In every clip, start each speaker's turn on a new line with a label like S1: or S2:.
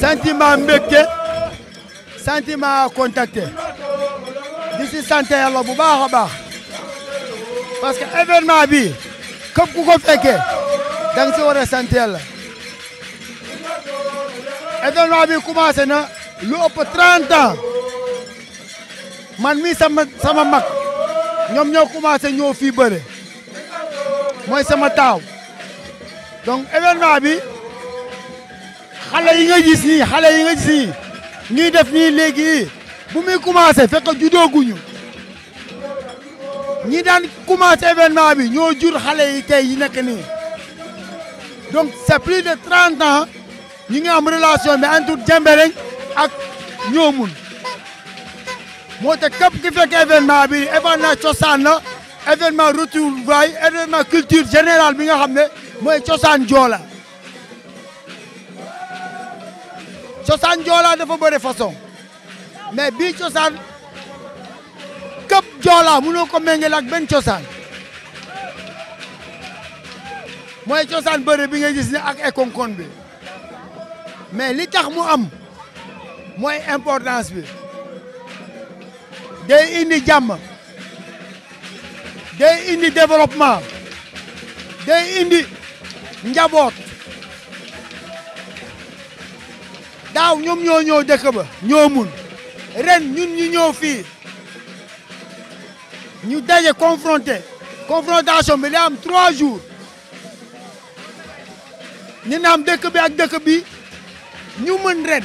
S1: sentiment mbégte sentiment contacté di si sant yàlla bu baax a baax parce que événement bi képp ku ko fekkee da nga si war a sant yàlla événement bi commencé na lu ëpp 30 man mi sama sama mag ñoom ñoo commencé ñoo fii bëre mooy sama taaw donc événement bi xale yi nga gis nii xale yi nga gis nii ñuy def nii léegi bu muy commencé fekk judooguñu ñi daan commencé événement bi ñoo jur xale yi tey yi nekk nii donc c'est plus de 30 ans ñi nga am relation bi entre Jembereng ak Ñoomun moo tax képp ki fekkee événement bi événement chosan la événement retrouvaille événement culture générale bi nga xam ne mooy cosaan joola cosaan joola dafa bëri façon mais bii chosan képp jola, mënoo ko méngale ak ben chosan, mooy chosan bëri bi nga gis ne ak ekonkon bi mais li tax mu am mooy importance bi day indi jàmm day indi développement day indi njaboot daaw ñoom ñoo ñëw dëkk ba ñoo mun ren ñun ñu ñëw fii ñu daje confronté confrontation bi da am trois jours ñu naam dëkk bi ak dëkk bi ñu mën ren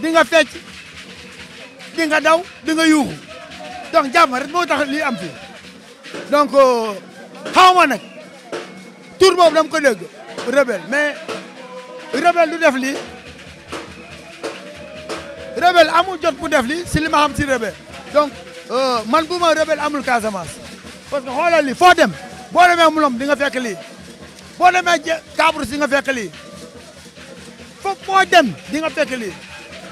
S1: di nga fecc di nga daw di nga yuuxu donc jàmm rek moo tax lii am fii donc euh, xaw ma nag tur boobu dama ko dégg rebelle mais rebelle du def lii rebelle amul jot bu def lii si li ma xam si rebelle donc euh, man bu ma rebelle amul Casamance parce que xoolal lii foo dem boo demee mulom di nga fekk lii boo demee Kabrousse di nga fekk lii foofu moo dem di nga fekk lii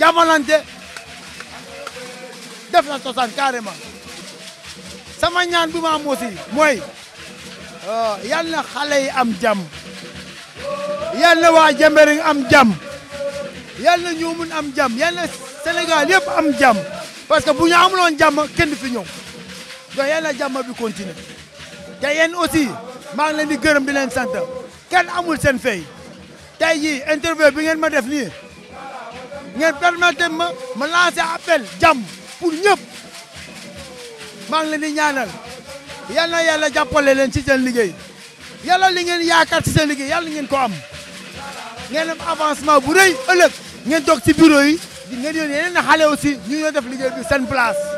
S1: jàmmalante def na cosaan carrément sama ñaan bi ma am aussi mooy oh, yal na xale yi am jàmm yal na waa Jembering am jàmm yal na ñoomun am jàmm yal na Sénégal yëpp am jàmm parce que bu ñu amuloon jàmm kenn fi ñëw donc yal na jàmm bi continuer te yéen aussi maa ngi di gërëm di leen kenn amul seen fay tey jii interview bi ngeen ma def nii ngeen permettre ma ma lancer appel jàmm pour ñëpp maa ngi leen di ñaanal yal na yàlla jàppale leen ci seen liggéey yàlla li ngeen yaakaar ci seen liggéey yàlla ngeen ko am ngeen am avancement bu rëy ëllëg ngeen toog ci bureau yi ngeen yónnee yeneen xale aussi ñu ñoo def liggéey bi seen place.